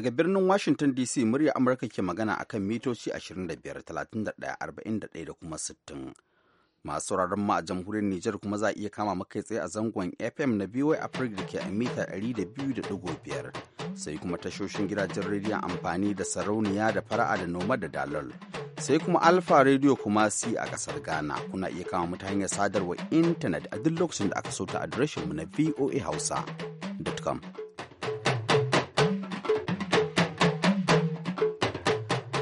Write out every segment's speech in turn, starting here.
Daga birnin Washington DC murya Amurka ke magana a kan mitoci 25, 41 da kuma 60. Masu sauraron ma a jamhuriyar Nijar kuma za a iya kama makai tsaye a zangon FM na BY Africa da ke a mita 200.5 sai kuma tashoshin gidajen rediyon amfani da sarauniya da fara'a da noma da dalol. Sai kuma Alfa Radio kuma si a kasar Ghana kuna iya kama mu hanyar sadarwar intanet a duk lokacin da aka so ta adireshin mu na voahausa.com.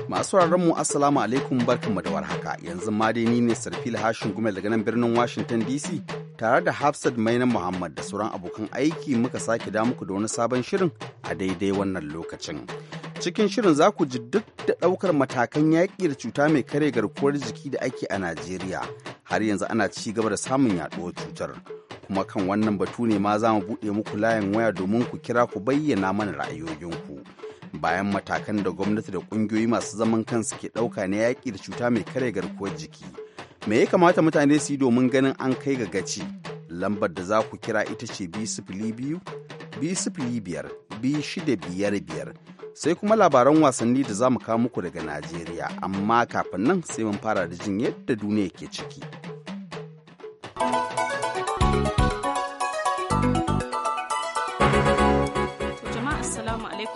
Masu mu Assalamu alaikum barkanmu da warhaka. Yanzu ma dai ni ne Sarfil Hashin Gumel daga nan birnin Washington DC tare da Hafsat Maina Muhammad da sauran abokan aiki muka sake da muku da wani sabon shirin a daidai wannan lokacin. Cikin shirin za ku ji duk da ɗaukar matakan yaƙi da cuta mai kare garkuwar jiki da ake a Najeriya. Har yanzu ana ci gaba da samun yaɗuwar cutar. Kuma kan wannan batu ne ma za mu buɗe muku layin waya domin ku kira ku bayyana mana ra'ayoyinku. bayan matakan da gwamnati da kungiyoyi masu zaman kansu ke ɗauka na yaƙi da cuta mai karya garkuwar jiki me ya kamata mutane su yi domin ganin an kai ga gaci lambar da za ku kira ita ce b biyu b biyar b biyar biyar sai kuma labaran wasanni da za mu kawo muku daga najeriya amma kafin nan sai mun fara da jin yadda duniya ke ciki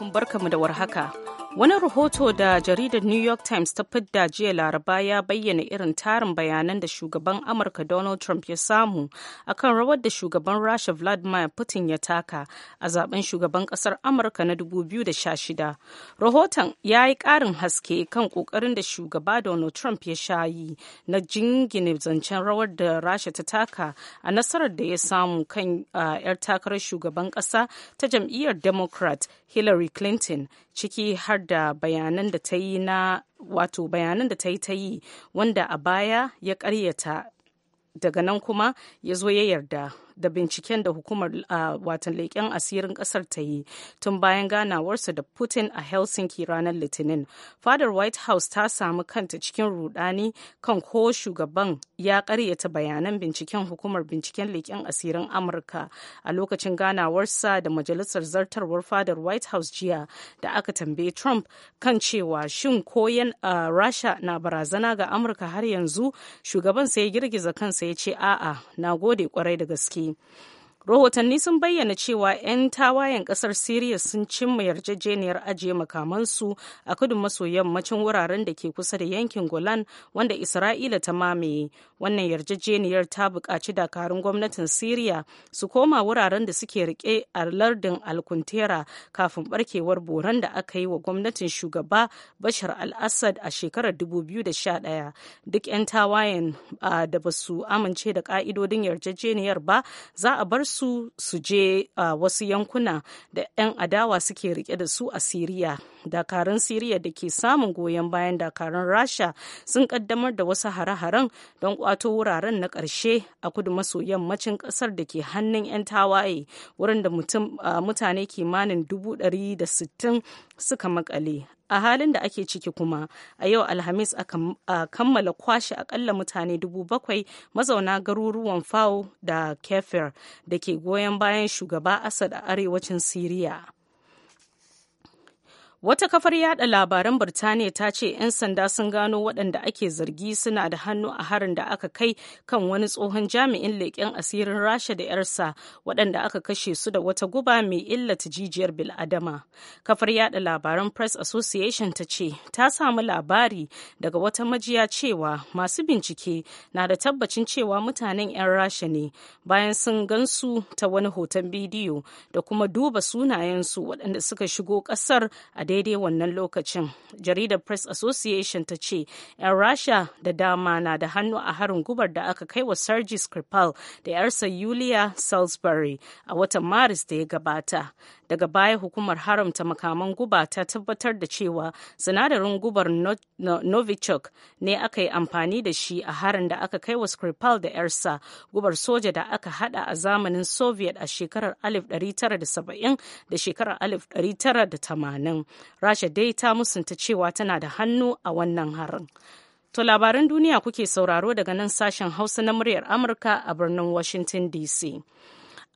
alaikum barkamu da warhaka. Wani rahoto da jaridar New York Times ta fidda jiya Laraba ya bayyana irin tarin bayanan da shugaban Amurka Donald Trump ya samu akan rawar da shugaban Rasha Vladimir Putin ya taka a zaben shugaban kasar Amurka na 2016. Rahoton ya yi ƙarin haske kan ƙoƙarin da shugaba Donald Trump ya sha yi na jingine zancen rawar da Rasha ta taka a nasarar da ya samu kan ah, 'yar takarar shugaban ƙasa ta jam'iyyar Democrat Hillary Clinton ciki har da bayanan da ta yi na wato bayanan da ta yi ta yi wanda a baya ya karyata daga nan kuma ya zo ya yarda da binciken da hukumar watan leƙen asirin ƙasar ta yi tun bayan ganawarsa da putin a helsinki ranar litinin fadar white house ta samu kanta cikin rudani kan ko shugaban ya karyata bayanan binciken hukumar binciken leƙen asirin amurka a lokacin ganawarsa da majalisar zartarwar fadar white house jiya da aka tambaye trump kan cewa shin koyan rasha na barazana ga amurka har yanzu shugaban sai ya girgiza kansa ya ce a'a na gode kwarai da gaske 是。rahotanni sun bayyana cewa 'yan tawayen kasar siriya sun cimma yarjejeniyar ajiye makamansu a kudu maso yammacin wuraren da ke kusa da yankin golan wanda isra'ila ta mamaye wannan yarjejeniyar ta buƙaci dakarun gwamnatin siriya su koma wuraren da suke rike a lardin alkuntera kafin barkewar boran da aka yi wa gwamnatin shugaba bashar al-assad a shekarar 2011 duk 'yan tawayen da ba su amince da ka'idodin yarjejeniyar ba za a bar su su je a wasu yankuna da 'yan adawa suke rike da su a siriya dakarun siriya da ke samun goyon bayan dakarun rasha sun kaddamar da wasu hare-haren don kwato wuraren na ƙarshe a kudu maso yammacin ƙasar da ke hannun 'yan tawaye wurin da mutane kimanin suka makale a halin da ake ciki kuma a yau alhamis a kammala kwashe akalla mutane dubu bakwai mazauna garuruwan fao da kefir da ke goyon bayan shugaba asad a arewacin siriya Wata kafar yada labaran Birtaniya ta ce 'yan sanda sun gano waɗanda ake zargi suna da hannu a harin da aka kai kan wani tsohon jami'in leƙen asirin Rasha da 'yarsa waɗanda aka kashe su da wata guba mai illata jijiyar bil'adama. Kafar yada labaran Press Association ta ce ta samu labari daga wata majiya cewa masu bincike na da tabbacin cewa mutanen 'yan Rasha ne bayan sun gansu ta wani hoton bidiyo da kuma duba sunayensu waɗanda suka shigo ƙasar a daidai wannan lokacin jaridar press association ta ce 'yan rasha da dama na da hannu a harin gubar da aka kai wa sergi skripal da 'yarsa yulia salisbury a watan maris da ya gabata daga baya hukumar haramta makaman guba ta tabbatar da cewa sinadarin gubar novichok ne aka yi amfani da shi a harin da aka kai wa skripal da yarsa gubar soja da aka hada a zamanin soviet a shekarar 1970 da shekarar 1980 rasha dai ta musunta cewa tana da hannu a wannan harin To labaran duniya kuke sauraro daga nan sashen Hausa na muryar Amurka a birnin Washington DC.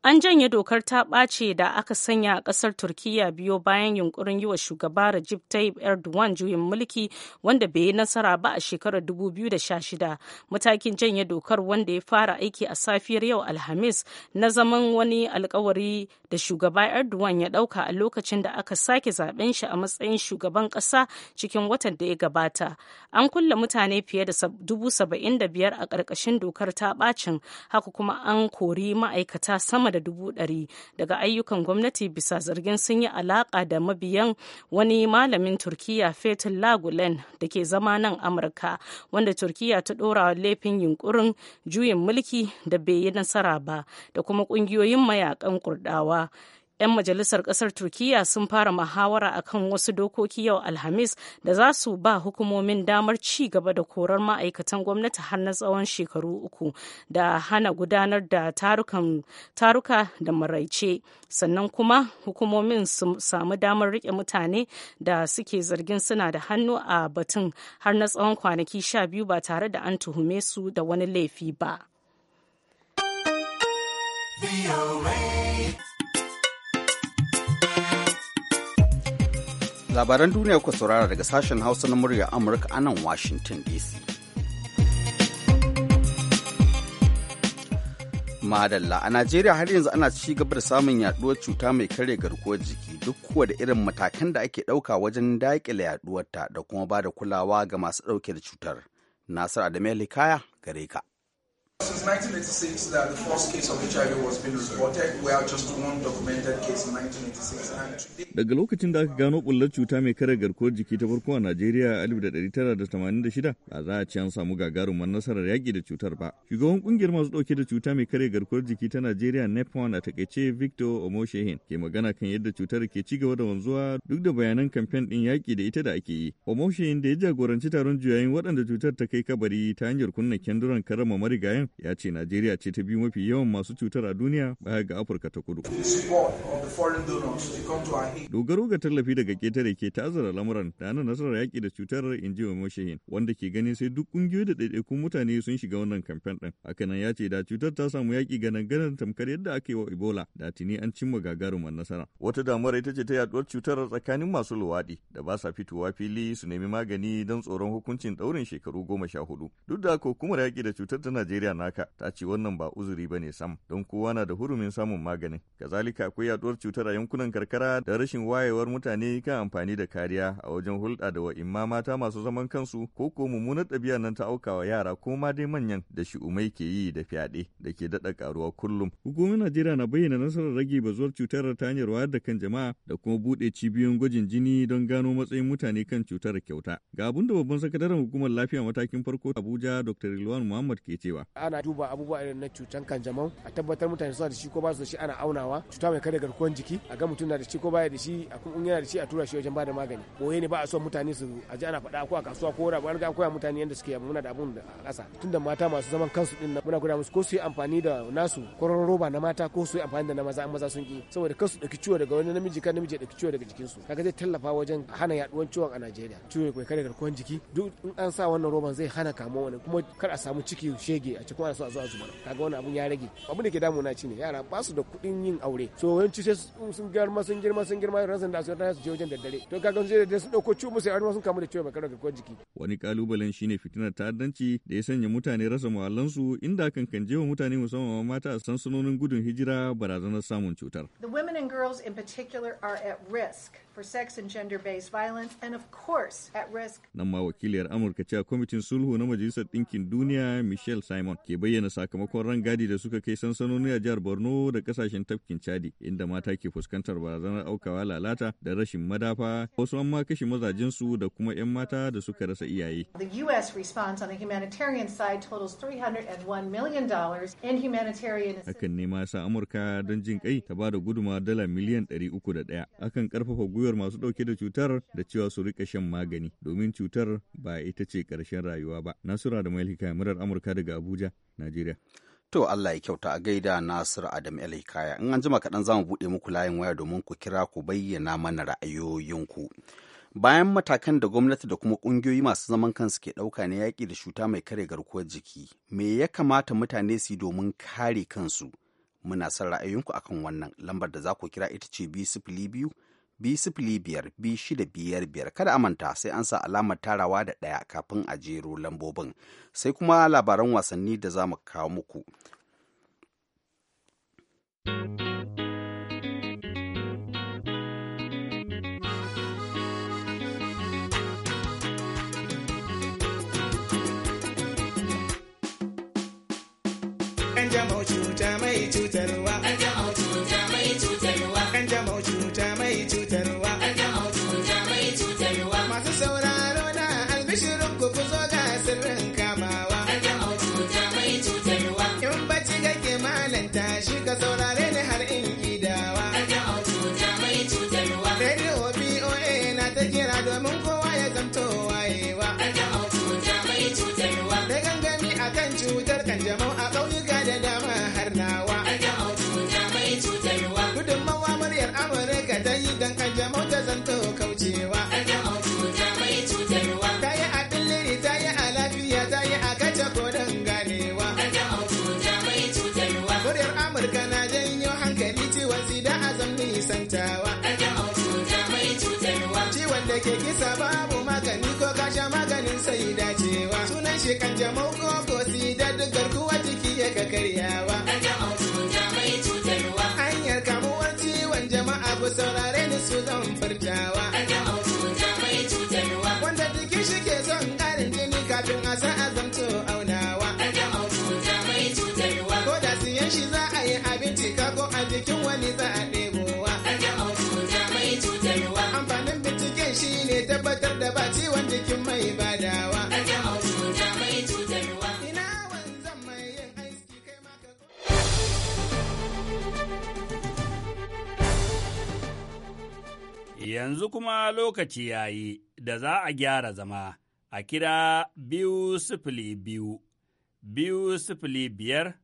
An janye dokar ta ɓace da aka sanya a ƙasar Turkiyya biyo bayan yunkurin yi wa shugaba Recep Tayyip Erdogan juyin mulki wanda bai yi nasara ba a shekarar 2016. Matakin janye dokar wanda ya fara aiki a safiyar yau Alhamis na zaman wani alkawari da shugaba Erdogan ya ɗauka a lokacin da aka sake zaben shi a matsayin shugaban ƙasa cikin watan da ya gabata. An kulle mutane fiye da dubu saba'in da biyar a ƙarƙashin dokar ta ɓacin haka kuma an kori ma'aikata sama sama da dubu ɗari daga ayyukan gwamnati bisa zargin sun yi alaƙa da mabiyan wani malamin turkiya fethullah lagulen da ke zama nan amurka wanda turkiya ta ɗora laifin yunkurin juyin mulki da bai yi nasara ba da kuma ƙungiyoyin mayakan kurdawa 'yan majalisar kasar turkiya sun fara muhawara akan wasu dokoki yau alhamis da za su ba hukumomin damar ci gaba da korar ma'aikatan gwamnati har na tsawon shekaru uku da hana gudanar da taruka da maraice sannan kuma hukumomin su samu damar rike mutane da suke zargin suna da hannu a batun har na tsawon kwanaki sha biyu ba tare da an tuhume su da wani laifi ba. labaran duniya kuka saurara daga sashen hausa na murya amurka a nan washington dc madalla a najeriya har yanzu ana ci gaba da samun yaduwar cuta mai karya garkuwar jiki duk kuwa da irin matakan da ake ɗauka wajen daƙile yaduwarta da kuma ba da kulawa ga masu ɗauke da cutar nasir adamu kaya gare ka 1986, that uh, the first case of HIV was being reported, we are just one documented case in 1986. Daga lokacin da aka gano bullar cuta mai kare garkuwar jiki ta farko a Najeriya a 1986, ba za a ci an samu gagarumar nasarar yaƙi da cutar ba. Shugaban ƙungiyar masu ɗauke da cuta mai kare garkuwar jiki ta Najeriya NEPON e a takaice Victor Omoshehin ke magana kan yadda cutar ke ci gaba da wanzuwa duk da bayanan kamfen ɗin yaƙi da ita da ake yi. Omoshehin da ya jagoranci taron juyayin waɗanda cutar ta kai kabari ta hanyar kunna kenduran karama marigayen ya ce Najeriya ce ta biyu mafi yawan masu cutar a duniya baya ga Afirka ta kudu. Dogaro ga tallafi daga ketare ke tazara lamuran da ana nasarar yaƙi da cutar ji wa wanda ke ganin sai duk ƙungiyoyi da ɗaiɗaikun mutane sun shiga wannan kamfen ɗin. Hakanan ya ce da cutar ta samu yaƙi ganan nan tamkar yadda aka yi wa Ebola da tuni an cimma gagarumar nasara. Wata damar ita ce ta yaɗuwar cutar tsakanin masu luwaɗi da ba sa fitowa fili su nemi magani don tsoron hukuncin ɗaurin shekaru goma sha hudu. Duk da haka hukumar yaƙi da cutar ta Najeriya naka ta ce wannan ba uzuri ba ne sam don kowa na da hurumin samun maganin kazalika akwai yaduwar cutar a yankunan karkara da rashin wayewar mutane kan amfani da kariya a wajen hulɗa da wa'imma mata masu zaman kansu ko ko mummunar ɗabi'a nan ta aukawa yara ko ma dai manyan da shi'umai ke yi da fyaɗe da ke daɗa ƙaruwa kullum hukumomin najeriya na bayyana nasarar rage bazuwar cutar ta hanyar wayar da kan jama'a da kuma buɗe cibiyoyin gwajin jini don gano matsayin mutane kan cutar kyauta ga abin da babban sakataren hukumar lafiya matakin farko abuja dr rilwan muhammad ke cewa ana duba abubuwa irin na cutan kanjamau a tabbatar mutane suna da shi ko ba su da shi ana aunawa cuta mai kare garkuwar jiki a ga mutum na da shi ko baya da shi a kuma yana da shi a tura shi wajen bada magani boye ne ba a so mutane su aji ana faɗa ko a kasuwa ko rabu an ga koya mutane yadda suke muna da abun da a ƙasa tunda mata masu zaman kansu din nan muna gwada musu ko su yi amfani da nasu kwaron roba na mata ko su yi amfani da na maza an maza sun ki saboda kan su ɗauki ciwo daga wani namiji kan namiji ya ɗauki ciwo daga jikinsu kaga zai tallafa wajen hana yaɗuwan ciwon a Najeriya ciwo mai kare garkuwar jiki duk in an sa wannan roban zai hana kamuwa wani kuma kar a samu ciki shege a cikin kuma ana a zuwa a kaga wani abun ya rage abun da ke damuna ci ne yara ba su da kuɗin yin aure so yawanci sai sun girma sun girma sun girma ran san da su su je wajen daddare to kaga sun da su dauko ciwo musu an sun kamu da ciwo mai da garkuwar jiki wani kalubalen shine fitinar ta'addanci da ya sanya mutane rasa muhallansu inda kan kan jewa mutane musamman mata a sansanonin gudun hijira barazanar samun cutar the women and girls in particular are at risk Nan ma wakiliyar Amurka cewa kwamitin sulhu na Majalisar Ɗinkin Duniya Michelle Simon ke bayyana sakamakon rangadi da suka kai sansanoni a jihar Borno da kasashen tafkin Chadi inda mata ke fuskantar barazanar aukawa lalata da rashin madafa wasu an ma kashe mazajensu da kuma 'yan mata da suka rasa iyaye. The US response on humanitarian side totals 301 million dollars in humanitarian assistance. Hakan ne ma sa Amurka don jin kai ta ba da guduma dala miliyan da 301 akan karfafa gwiwa gwiwar masu ɗauke da cutar da cewa su rika shan magani domin cutar ba ita ce ƙarshen rayuwa ba. Nasura da Malika murar Amurka daga Abuja, Najeriya. To Allah ya kyauta a gaida Nasir Adam El Hikaya. In an jima kaɗan zamu buɗe muku layin waya domin ku kira ku bayyana mana ra'ayoyinku. Bayan matakan da gwamnati da kuma ƙungiyoyi masu zaman kansu ke ɗauka na yaƙi da cuta mai kare garkuwar jiki, me ya kamata mutane su yi domin kare kansu? Muna son ra'ayoyinku akan wannan lambar da za ku kira ita ce biyu sifili biyu biyar kada a manta sai an sa alamar tarawa da ɗaya kafin a jero lambobin sai kuma labaran wasanni da za mu kawo muku. jama'o cuta mai cutarwa. saurare ne har in gidawa. Radio BOA na ta kira domin kowa ya zamto wayewa. Da gangami a kan cutar kanjamau a ƙauyuka da dama har nawa. Gudunmawa muryar Amurka ta yi don kanjamau ta zanto kaucewa. amurka na janyo hankali ciwon sida a mai cutarwa. ciwon da ke kisa babu magani ko kasha maganin sai dacewa sunan shi kan jamau ko ko sida duk garkuwa jiki ya ka karyawa hanyar kamuwar ciwon jama'a ku saurare ni su zan furtawa wanda jiki shi ke son ƙarin jini kafin a sa a a jikin wani za a ɗebowa. Amfanin binciken shi ne tabbatar da ba ciwon jikin mai badawa. Yanzu kuma lokaci ya yi da za a gyara zama a kira biyu sifili biyu, biyu sifili biyar,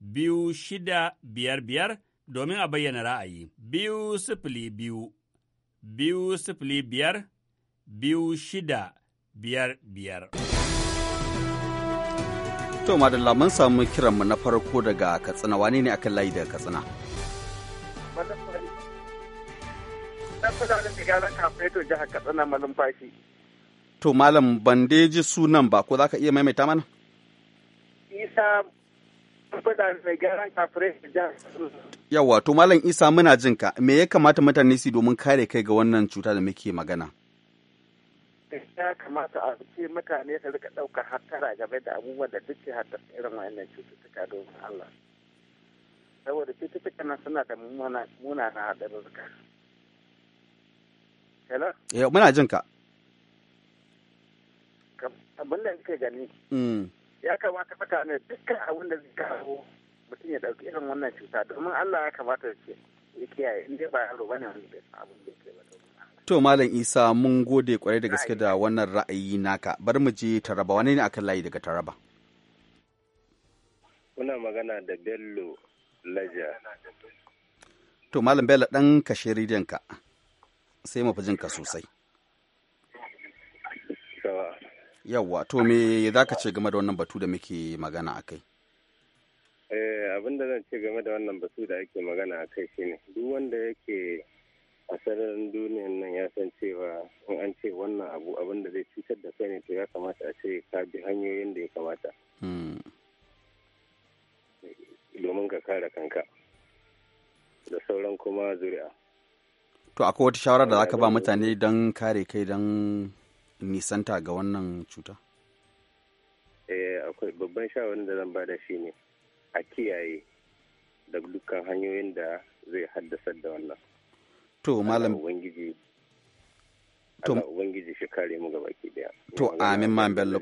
biyu shida biyar biyar domin a bayyana ra'ayi. Biyu sifili biyu, biyu sifili biyar, biyu shida biyar biyar. To madalla mun samu kiranmu na farko daga Katsina wane ne akan layi daga Katsina? To malam bandeji sunan ba ko za ka iya maimaita mana? Isa Yawwa, to Malam Isa muna jin ka, me ya kamata mutane su domin kare kai ga wannan cuta da muke magana? Ya kamata a ce mutane su rika ɗaukar hattara game da abubuwan da suke hattara irin wayannan cututtuka domin Allah. Saboda cututtuka nan suna da munana haɗarurruka. Hello? Yau, muna jin ka. Abin da gani. Mm. Ya kamata mutane dukkan abin da zai kawo mutum ya ɗauki irin wannan cuta domin Allah ya kamata ya kiyaye inda ba yaro bane wani da abin da ke ba To Malam Isa mun gode kwarai da gaske da wannan ra'ayi naka bari mu je Taraba wani ne akan layi daga Taraba Muna magana da Bello Laja To Malam Bello dan kashe ka sai mu fi ka sosai Yawa to me zaka ce game da wannan batu da muke magana akai Eh, abin da zan ce game da wannan basu da ake magana a kai shine duk wanda yake a sararin duniyan nan ya san cewa in an ce wannan abu abin da zai cutar da kai ne to ya kamata a ce ka bi hanyoyin da ya kamata hmm. domin ka kare kanka da sauran kuma zuri'a to akwai wata shawara da zaka ba mutane don kare kai don nisanta ga wannan cuta eh akwai babban shawarar da zan ba da shi ne a kiyaye da dukkan hanyoyin da zai haddasa da wannan to malam ubangiji to ubangiji shi kare mu gaba ki daya to amin man bello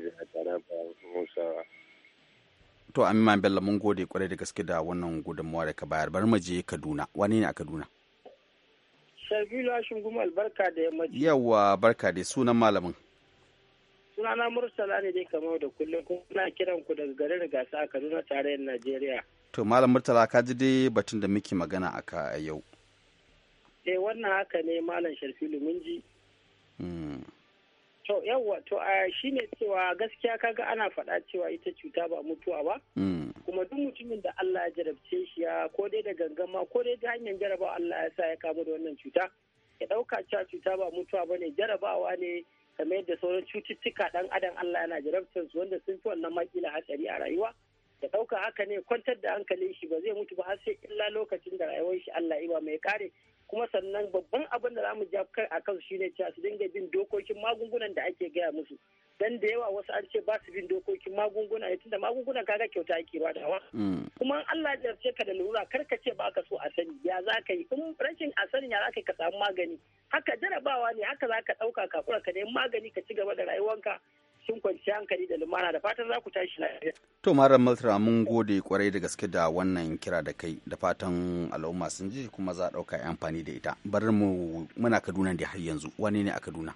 to amin man bello mun gode kwarai da gaske da wannan gudunmuwa da ka bayar Bar mu je kaduna wani ne a kaduna Shafilu Hashim Gumal barka da yammaci. Yawwa barka da sunan malamin. suna na murtala ne dai kamar da kullum kuna kiran ku daga garin gasa a kaduna tarayyar najeriya to malam murtala ka ji dai batun da muke magana a ka a yau e wannan haka ne malam sharfilu mun ji hmm. to yawa to a shine cewa gaskiya kaga ana faɗa cewa ita cuta ba mutuwa ba hmm. kuma duk mutumin da Allah ya jarabce shi ya ko dai da gangama ko dai da hanyar jarabawa Allah ya sa ya kamu da wannan cuta ya ɗauka cewa cuta ba mutuwa ba ne jarabawa ne kamar yadda sauran cututtuka dan adam Allah yana jarabtar su wanda sun fi wannan makila hatsari a rayuwa da ɗauka haka ne kwantar da hankalin shi ba zai mutu ba har sai illa lokacin da rayuwar shi Allah ba mai kare kuma sannan babban abin da za mu ja kai a kansu shine cewa su dinga bin dokokin magungunan da ake gaya musu dan da yawa wasu an ce ba su bin dokokin magunguna ne tunda magunguna kaga kyauta ake ba da wa mm. kuma Allah ya ce ka da lura kar ka ce ba ka so a sani ya za ka yi in rashin a sani ya za ka ka samu magani haka jarabawa ne haka za ka ɗauka ka kura ka nemi magani ka ci gaba da rayuwanka cikin kwanciyar hankali da lumana da fatan za ku tashi lafiya. To Maram Maltara mun gode kwarai da gaske da wannan kira da kai da fatan al'umma sun ji kuma za a ɗauka amfani da ita. Bari mu muna Kaduna da har yanzu wani ne a Kaduna?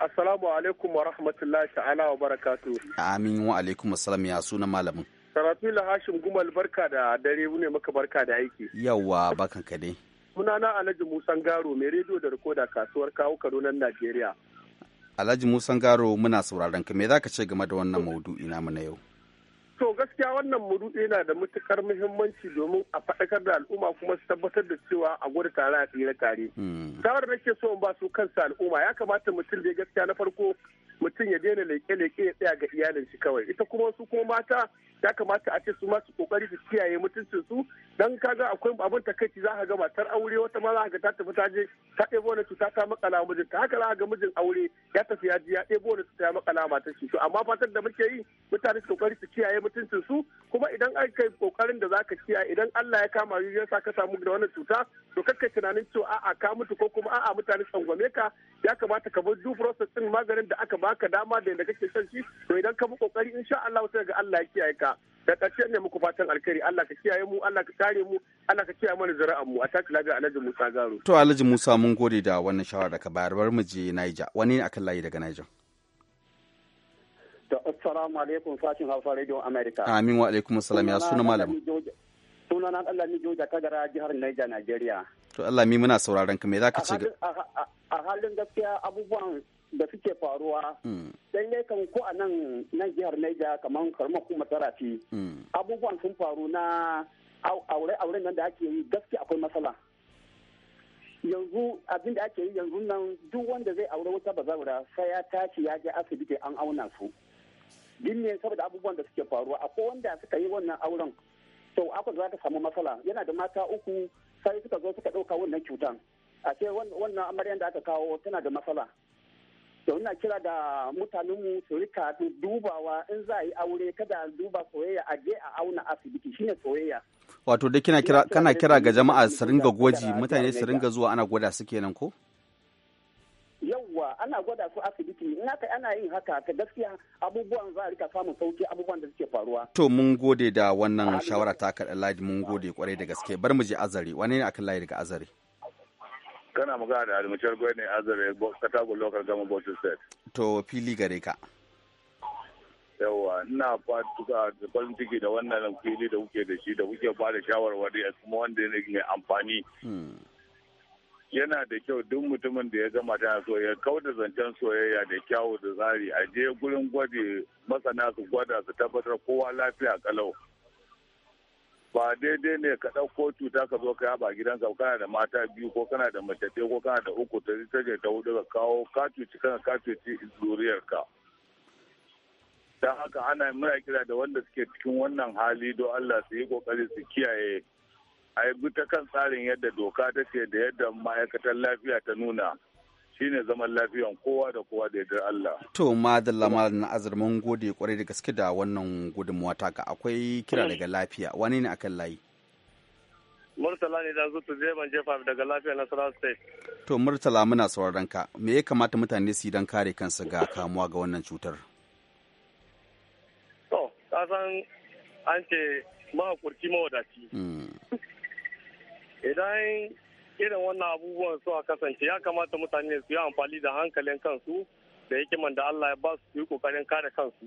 Assalamu alaikum wa rahmatullahi ta'ala wa barakatu. Amin wa alaikum assalam ya suna malamin. Saratula Hashim Gumal barka da dare ne maka barka da aiki. Yawwa bakan ka dai. Sunana Alhaji Musan Garo mai rediyo da rikoda kasuwar kawo Kaduna Najeriya. Alhaji Musan Garo muna sauraron ka me za ka ce game da wannan maudu'i namu na yau? to gaskiya wannan murudi yana da matukar muhimmanci domin a faɗakar da al'umma kuma su tabbatar da cewa a gudu tare a tsira tare. Hmm. Shawarar da ke so ba su kansa al'umma ya kamata mutum da gaskiya na farko mutum ya daina leke-leke ya tsaya ga iyalin shi kawai ita kuma su kuma mata ya kamata a ce su masu kokari su kiyaye mutuncin su dan ga akwai abin takaici za ka ga matar aure wata ma za ka ga ta tafi ta je ta ɗebo wani cuta ta makala ta haka za ka ga mijin aure ya tafi ya ji ya ɗebo wani cuta ya makala matar shi to amma fatan da muke yi mutane su kokari su kiyaye mutuncin su kuma idan aka yi kokarin da zaka ci a idan Allah ya kama ya sa ka samu da wannan cuta to kakka tunanin cewa a'a ka mutu ko kuma a'a mutane tsangwame ka ya kamata ka bar due process din maganin da aka baka dama da yadda kake son shi to idan ka bi kokari insha Allah sai ga Allah ya kiyaye ka da ƙarshe ne muku fatan alkhairi Allah ka kiyaye mu Allah ka kare mu Allah ka kiyaye mana zuri'an mu a taki lafiya Alhaji Musa Garo to Alhaji Musa mun gode da wannan shawara da ka bayar bar mu je Niger wani ne akan layi daga Niger To, assalamu alaikum sashin Hausa Radio America. Amin wa alaikum assalam ya suna malam. na Allah mi Joja kadara jihar Niger Nigeria. To Allah mi muna sauraron ka me zaka ce? A halin gaskiya abubuwan da suke faruwa hmm. dan ne kan ko a nan nan jihar Niger kaman karma kuma tarafi. Hmm. Abubuwan sun faru na aure aure nan da ake yi gaskiya akwai matsala. yanzu abin da ake yi yanzu nan duk wanda zai aure wata bazaura sai ya tashi ya je asibiti an auna su. din saboda abubuwan da suke faruwa akwai wanda suka yi wannan auren to aka za ta samu matsala yana da mata uku sai suka zo suka ɗauka wannan cutan a ce wannan amaryan da aka kawo tana da matsala to ina kira da mutanenmu su rika dubawa in za a yi aure kada duba soyayya a je a auna asibiti shine soyayya wato dai kira kana kira ga jama'a su ringa gwaji mutane su ringa zuwa ana gwada su kenan ko ana gwada su asibiti in haka ana yin haka ta gaskiya abubuwan za a rika samun sauki abubuwan da suke faruwa to mun gode da wannan shawara ta kaɗa ladi mun gode kwarai da gaske bar mu je azare wani ne akan layi daga azare kana magana da almuciyar gwai ne azare katagun local gama bauchi state to fili gare ka yawa ina fatuka da farin ciki da wannan fili da kuke da shi da kuke ba da shawarwari a kuma wanda ne mai amfani hmm. yana da kyau duk mutumin da ya gama tana soyayya kau da zancen soyayya da kyawu da tsari a je gurin gwaji masana su gwada su tabbatar kowa lafiya kalau ba daidai ne ka ɗauko cuta ka zo ka yaba gidanka kana da mata biyu ko kana da mace ko kana da uku ta ta ta hudu ka kawo ka cuci kana ka cuci zuriyarka don haka ana muna kira da wanda suke cikin wannan hali don Allah su yi kokari su kiyaye a yi ta kan tsarin yadda doka ta ce da yadda ma'aikatan lafiya ta nuna shine zaman lafiyan kowa da kowa da yadda Allah. To madalla malam na azurman gode kwarai da gaske da wannan gudunmuwa taka akwai kira daga lafiya wani ne akan layi? Murtala ne da zutu zeman jefa daga lafiya na Sarawak State. To Murtala muna sauraron ka me ya kamata mutane su yi don kare kansu ga kamuwa ga wannan cutar? To kasan an ce kurki mawadaci. Hmm. idan irin wannan abubuwan suka kasance ya kamata mutane su yi amfani da hankalin kansu da hikiman da Allah ya ba su yi kokarin kare kansu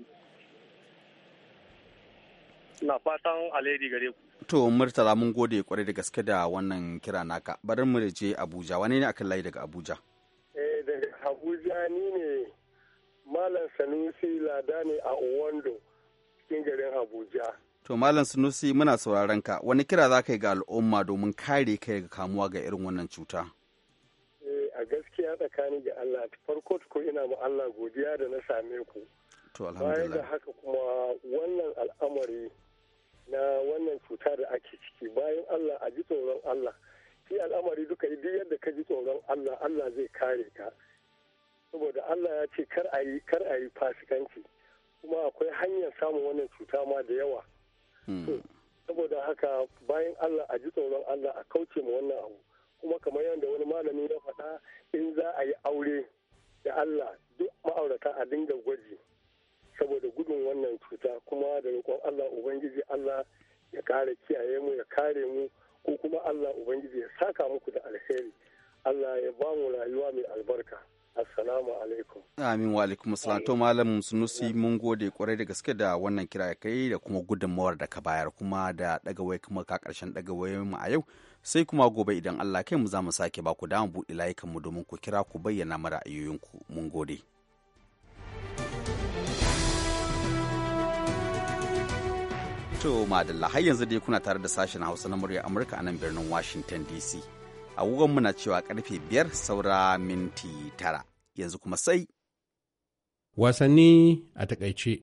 na fatan alheri gare ku to murtala mun gode kwarai da gaske da wannan kira naka bari mu da je Abuja wani ne akan layi daga Abuja eh daga Abuja ni ne Malam Sanusi Lada ne a Owondo cikin garin Abuja To Malam Sunusi muna sauraron ka wani kira za ka yi ga al'umma domin kare kai ga kamuwa ga irin wannan cuta? Eh, a gaskiya tsakani ga Allah farko ko ina ma Allah godiya da na same ku. To alhamdulillah. Bayan da haka kuma wannan al'amari na wannan cuta da ake ciki bayan Allah a ji tsoron Allah. Shi al'amari duka duk yadda ka ji tsoron Allah Allah zai kare ka. Saboda Allah ya ce kar kar a yi fasikanci. Kuma akwai hanyar samun wannan cuta ma da yawa. Hmm. saboda haka bayan allah a ji tsoron allah a kauce ma wannan abu kuma kamar yadda wani malami ya faɗa in za a yi aure da allah duk ma'aurata a dinga gwaji saboda gudun wannan cuta kuma da roƙon allah ubangiji allah ya kare kiyaye mu ya kare mu ko kuma allah ubangiji ya saka muku da alheri allah ya ba mu rayuwa mai albarka Assalamu alaikum. Amin wa alaikum assalam. To malam Sunusi mun gode kwarai da gaske da wannan kira kai da kuma gudunmawar da ka bayar kuma da daga waya kuma ka karshen daga mu a yau. Sai kuma gobe idan Allah kai mu za mu sake ba ku dama buɗe layukan mu domin ku kira ku bayyana mara ayoyinku. Mun gode. To madalla har yanzu dai kuna tare da sashen Hausa na murya Amurka a nan birnin Washington DC. agogonmu na cewa karfe biyar saura minti tara yanzu kuma sai wasanni a takaice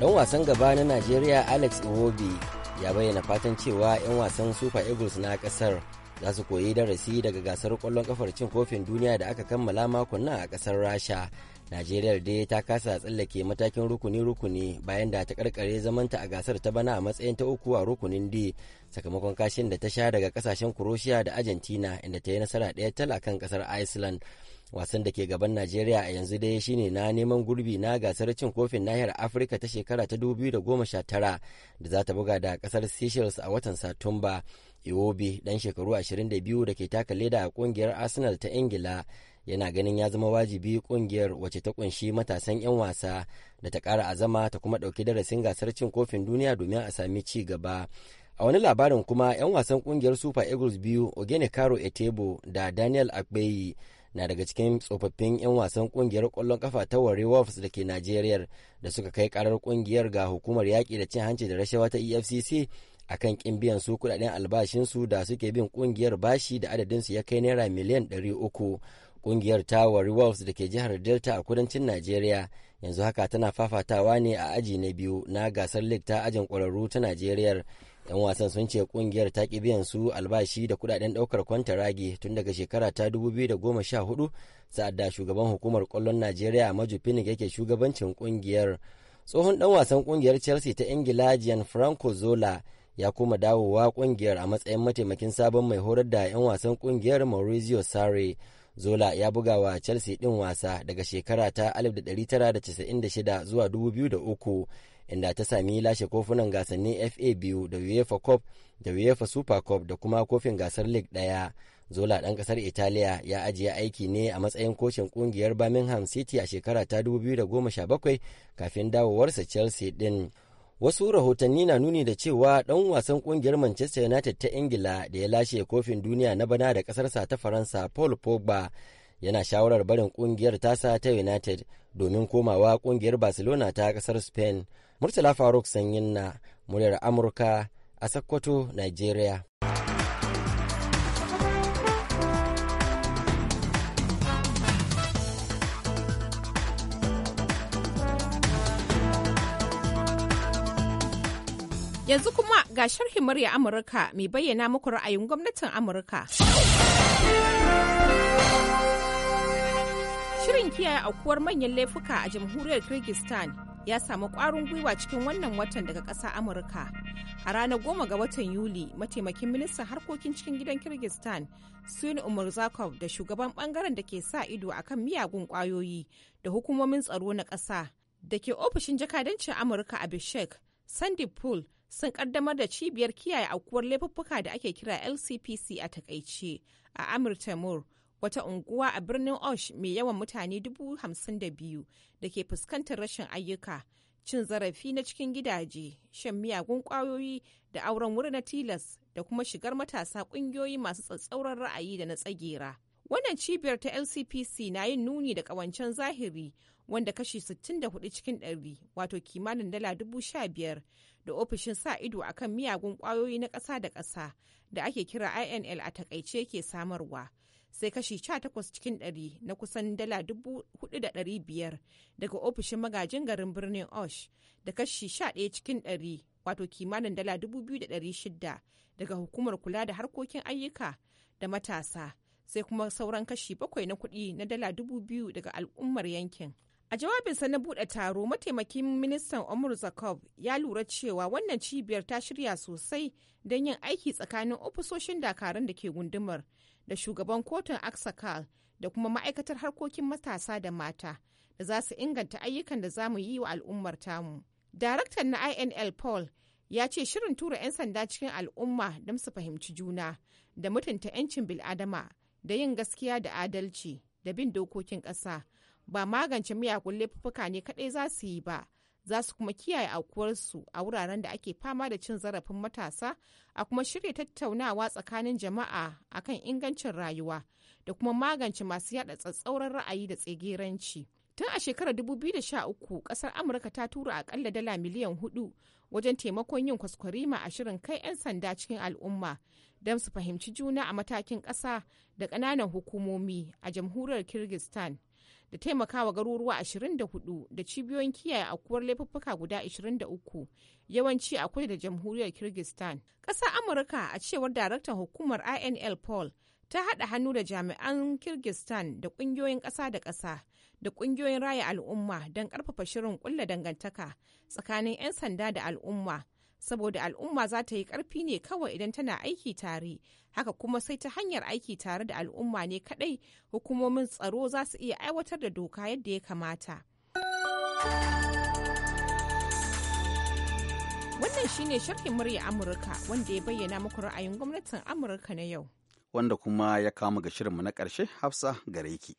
ɗan wasan gaba na najeriya alex iwobi ya bayyana fatan cewa 'yan wasan super eagles na kasar za su koyi darasi daga gasar kwallon kafar cin kofin duniya da aka kammala makon nan a kasar rasha Najeriya dai ta kasa tsallake matakin rukuni-rukuni bayan da ta karkare zamanta a gasar ta bana a matsayin ta uku a rukunin D sakamakon kashin da ta sha daga kasashen Croatia da Argentina inda ta yi nasara ɗaya tala kan kasar Iceland. Wasan da ke gaban Najeriya a yanzu dai shine na neman gurbi na gasar cin kofin nahiyar Afirka ta shekara ta 2019 da za ta buga da kasar Seychelles a watan Satumba. Iwobi dan shekaru 22 da ke taka leda a kungiyar Arsenal ta Ingila yana ganin ya zama wajibi kungiyar wace ta kunshi matasan 'yan wasa da ta kara azama ta kuma ɗauki darasin gasar cin kofin duniya domin a sami ci gaba a wani labarin kuma 'yan wasan kungiyar super eagles biyu ogene karo etebo da daniel akpeyi na daga cikin tsofaffin 'yan wasan kungiyar kwallon kafa ta ware wolves da ke nigeria da suka kai karar kungiyar ga hukumar yaƙi da cin hanci da rashawa ta efcc akan kin biyan su kudaden albashinsu da suke bin kungiyar bashi da adadinsu ya kai naira miliyan 300 Ƙungiyar ta wari da ke jihar Delta a kudancin Najeriya yanzu haka tana fafatawa ne a aji na biyu na gasar League ta ajin kwararru ta Najeriya. 'Yan wasan sun ce ƙungiyar ta ƙi biyan su albashi da kudaden ɗaukar kwantaragi tun daga shekara ta 2014 sa'ad da shugaban hukumar kwallon Najeriya Maju Pinnick yake shugabancin ƙungiyar. Tsohon ɗan wasan ƙungiyar Chelsea ta Ingila Franco Zola ya kuma dawowa ƙungiyar a matsayin mataimakin sabon mai horar da 'yan wasan ƙungiyar Maurizio Sarri. Zola ya buga wa Chelsea ɗin wasa daga shekara ta 1996 zuwa 2003 inda ta sami lashe kofunan gasannin FA biyu da UEFA Cup da UEFA Super Cup da kuma kofin gasar League ɗaya. Zola ɗan ƙasar Italiya ya ajiye aiki ne a matsayin kocin ƙungiyar Birmingham City a shekara ta 2017 kafin dawowarsa Chelsea ɗin. Wasu rahotanni na nuni da cewa ɗan wasan ƙungiyar Manchester United ta Ingila da ya lashe kofin duniya na bana da ƙasarsa ta Faransa Paul Pogba yana shawarar barin ƙungiyar tasa ta United domin komawa ƙungiyar Barcelona ta ƙasar Spain. Murtala Faruk Sanyin na muryar Amurka a Sokoto, Nigeria. Yanzu kuma ga sharhin murya Amurka mai bayyana muku ra'ayin gwamnatin Amurka. Shirin kiyaye aukuwar manyan laifuka a jamhuriyar Kyrgyzstan ya samu ƙwarin gwiwa cikin wannan watan daga ƙasa Amurka. A ranar goma ga watan Yuli, mataimakin ministan harkokin cikin gidan Kyrgyzstan, Sun Umarzakov da shugaban bangaren da ke sa ido akan miyagun ƙwayoyi da hukumomin tsaro na ƙasa da ke ofishin jakadancin Amurka a Bishek, Sandy Pool sun kaddamar da cibiyar kiyaye aukuwar laifuffuka da ake kira LCPC a takaice a Amir Tamur, wata unguwa a birnin Osh mai yawan mutane dubu da ke fuskantar rashin ayyuka, cin zarafi na cikin gidaje, shan miyagun ƙwayoyi da auren wuri na tilas da kuma shigar matasa ƙungiyoyi masu tsatsauran ra'ayi da na tsagera. Wannan cibiyar ta LCPC na yin nuni da ƙawancen zahiri wanda kashi 64 cikin ɗari wato kimanin dala dubu da ofishin sa ido kan miyagun kwayoyi na ƙasa da ƙasa da ake kira inl a takaice ke samarwa sai kashi 18 cikin 100 na kusan dala 4,500 daga ofishin magajin garin birnin osh da kashi 11 cikin 100 wato kimanin dala 2,600 daga hukumar kula da harkokin ayyuka da matasa sai kuma sauran kashi bakwai na kuɗi na dala dubu biyu daga al'ummar yankin A jawabinsa na buɗe taro mataimakin ministan Omar Zakov ya lura cewa wannan cibiyar ta shirya sosai don yin aiki tsakanin ofisoshin dakarun da ke gundumar da shugaban kotun Aksakal da kuma ma'aikatar harkokin matasa da mata da za su inganta ayyukan da za mu yi wa al'ummar tamu. Daraktan na INL Paul ya ce shirin tura 'yan sanda cikin al'umma don su fahimci juna da mutunta 'yancin bil'adama da yin gaskiya da adalci da bin dokokin ƙasa. ba magance miyagun laifuka ne kaɗai za su yi ba za su kuma kiyaye aukuwarsu a wuraren da ake fama da cin zarafin matasa a kuma shirya tattaunawa tsakanin jama'a akan ingancin rayuwa da kuma magance masu yada tsatsauran ra'ayi da tsegeranci. Tun a shekarar 2013 kasar Amurka ta tura akalla dala miliyan hudu wajen taimakon yin kwaskwarima a shirin kai 'yan sanda cikin al'umma don su fahimci juna a matakin ƙasa da ƙananan hukumomi a jamhuriyar Kirgistan. da taimakawa garuruwa 24 da cibiyoyin kiyaye akuwar laifuffuka guda 23 yawanci a kudu da jamhuriyar kirgistan ƙasar amurka a cewar daraktan hukumar inl paul ta haɗa hannu da jami'an kirgistan da ƙungiyoyin ƙasa da ƙasa da ƙungiyoyin raya al'umma don ƙarfafa shirin ƙulla dangantaka tsakanin 'yan sanda da al'umma saboda al'umma za ta yi ƙarfi ne kawai idan tana aiki tare haka kuma sai ta hanyar aiki tare da al'umma ne kaɗai hukumomin tsaro za su iya aiwatar da doka yadda ya kamata. Wannan shine sharhin murya Amurka wanda ya bayyana muku ra'ayin gwamnatin Amurka na yau. Wanda kuma ya kama ga shirinmu na ƙarshe Hafsa gare ki.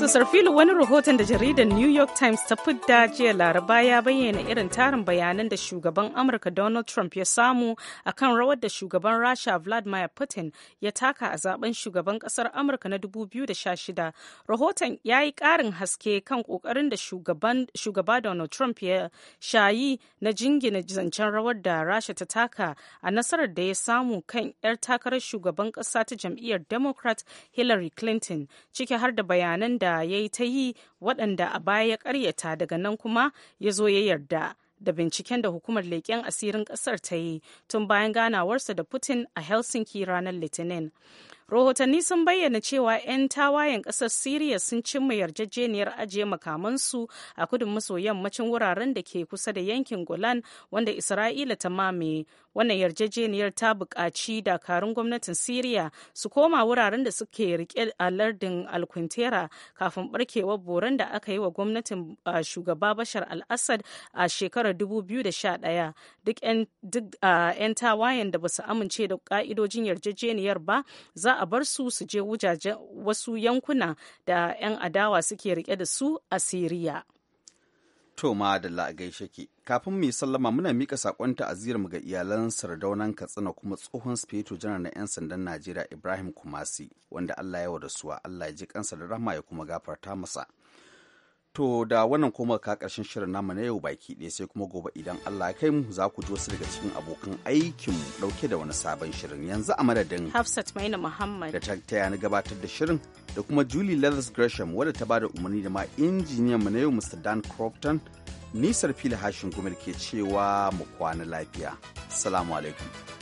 To Sarfilu wani rahoton da jaridar New York Times ta fidda jiya Laraba ya bayyana irin tarin bayanan da shugaban Amurka Donald Trump ya samu a kan rawar da shugaban Rasha Vladimir Putin ya taka a zaben shugaban kasar Amurka na 2016. Rahoton ya yi karin haske kan ƙoƙarin da shugaba Donald Trump ya shayi na jingina zancen rawar da Rasha ta taka a nasarar da ya samu kan 'yar takarar shugaban ƙasa ta jam'iyyar Democrat Hillary Clinton ciki har da bayanan da ya yi ta yi waɗanda a baya ya ƙaryata daga nan kuma ya zo ya yarda da binciken da hukumar leƙen asirin ƙasar ta yi tun bayan ganawarsa da putin a helsinki ranar litinin rahotanni sun bayyana cewa 'yan tawayen ƙasar siriya sun cimma yarjejeniyar ajiye makamansu a kudu maso yammacin wuraren da ke kusa da yankin golan wanda isra'ila ta mame wannan yarjejeniyar ta bukaci dakarun gwamnatin siriya su koma wuraren da suke rike a lardin alkuntera kafin barkewar boran da aka yi wa gwamnatin shugaba bashar al-assad a shekarar 2011 duk 'yan tawayen da ba su amince da ka'idojin yarjejeniyar ba za a bar su su je wujaje wasu yankuna da 'yan adawa suke rike da su a Siriya. To ma da gaishe ki. Kafin mu yi sallama muna mika sakon mu ga iyalan sardaunan Katsina kuma tsohon sufeto janar na 'yan sandan Najeriya Ibrahim Kumasi wanda Allah ya wa da Allah ya ji kansa da rahma ya kuma gafarta masa. To da wannan kuma ka karshen shirin namu na yau baki ɗaya sai kuma gobe idan Allah ya kai mu za ku ji wasu daga cikin abokan aikin mu ɗauke da wani sabon shirin yanzu a madadin Hafsat Maina Muhammad da ta na gabatar da shirin da kuma Julie Leathers Gresham wadda ta bada umarni da ma injiniyan mu na yau Mr. Dan Crofton nisar fili hashin gumil ke cewa mu kwana lafiya. Salamu alaikum.